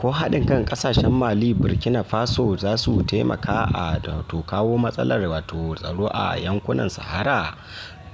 ko haɗin kan ƙasashen mali burkina faso za su taimaka a kawo matsalar wato tsaro a yankunan sahara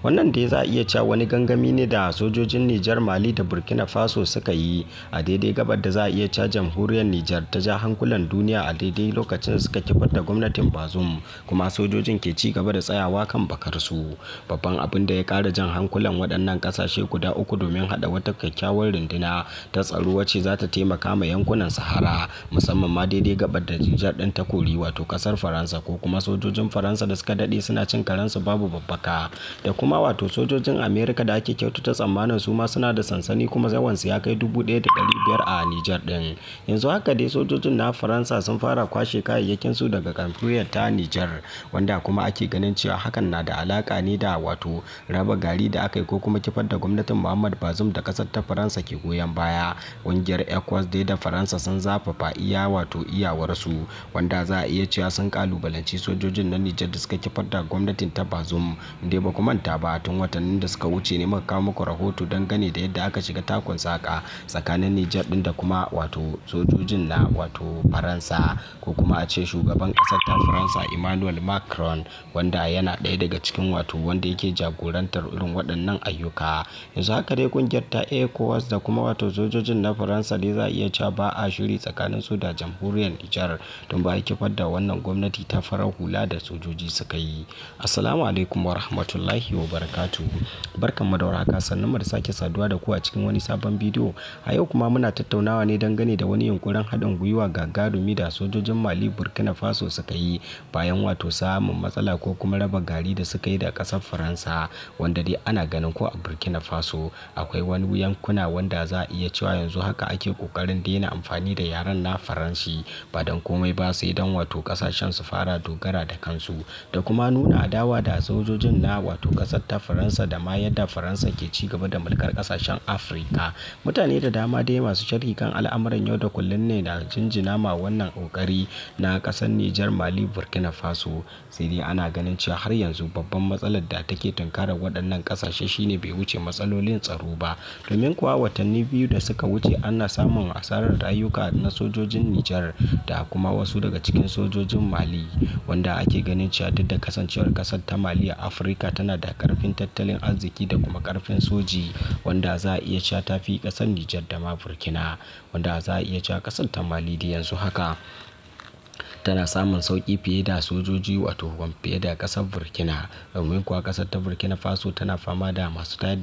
wannan dai za a iya cewa wani gangami ne da sojojin nijar mali da burkina faso suka yi a daidai gabar da za a iya cewa jamhuriyar nijar ta ja hankulan duniya a daidai lokacin da suka kifar da gwamnatin bazum kuma sojojin ke ci gaba da tsayawa kan bakarsu babban abin da ya kara jan hankulan waɗannan ƙasashe guda uku domin haɗa wata kyakkyawar runduna ta tsaro wacce za ta taimaka ma yankunan sahara musamman ma daidai gabar da nijar ɗin ta kori wato ƙasar faransa ko kuma sojojin faransa da suka daɗe suna cin karansu babu babbaka da kuma ma wato sojojin amerika da ake kyautata tsammanin su ma suna da sansani kuma yawansu ya kai dubu ɗaya da ɗari biyar a Niger din yanzu haka dai sojojin na faransa sun fara kwashe kayayyakin su daga kamfuyar ta Niger, wanda kuma ake ganin cewa hakan na da alaka ne da wato raba gari da aka yi ko kuma kifar da gwamnatin muhammad bazum da kasar ta faransa ke goyon baya ƙungiyar ecos dai da faransa sun zafafa iya wato iyawarsu wanda za a iya cewa sun kalubalanci sojojin na Niger da suka kifar da gwamnatin ta bazum inda ba ku manta ba tun watannin da suka wuce ne muka kawo muku rahoto gane da yadda aka shiga takon saka tsakanin Nijar din da kuma wato sojojin na wato Faransa ko kuma a ce shugaban kasar ta Faransa Emmanuel Macron wanda yana ɗaya daga cikin wato wanda yake jagorantar irin waɗannan ayyuka yanzu haka dai kungiyar ta ECOWAS da kuma wato sojojin na Faransa dai za a iya cewa ba a shiri tsakanin su da jamhuriyar Nijar don ba yake da wannan gwamnati ta farar hula da sojoji suka yi assalamu alaikum rahmatullahi wa barakatu Barkan mu da warhaka sannan mu da sake saduwa da ku a cikin wani sabon bidiyo. A yau kuma muna tattaunawa ne dangane da wani yunkurin haɗin gwiwa ga garumi da sojojin Mali Burkina Faso suka yi bayan wato samun matsala ko kuma raba gari da suka yi da ƙasar Faransa wanda dai ana ganin ko a Burkina Faso akwai wani yankuna wanda za a iya cewa yanzu haka ake ƙoƙarin daina amfani da yaren na Faranshi ba don komai ba sai don wato ƙasashen su fara dogara da kansu da kuma nuna adawa da sojojin na wato ƙasar ƙasar ta faransa da ma yadda faransa ke ci gaba da mulkar ƙasashen afirka mutane da dama dai masu sharhi kan al'amuran yau da kullum ne na jinjina ma wannan ƙoƙari na ƙasar nijar mali burkina faso sai dai ana ganin cewa har yanzu babban matsalar da take tunkara waɗannan ƙasashe shine bai wuce matsalolin tsaro ba domin kuwa watanni biyu da suka wuce ana samun asarar rayuka na sojojin nijar da kuma wasu daga cikin sojojin mali wanda ake ganin cewa duk da kasancewar ƙasar ta mali a afirka tana da karfin tattalin arziki da kuma karfin soji wanda za a iya cewa tafi fi ƙasar Nijar da ma Burkina wanda za a iya cewa kasar ta Mali da yanzu haka tana samun sauki fiye da sojoji wato fiye da kasar Burkina domin kuwa kasar ta Burkina Faso tana fama da masu tayar da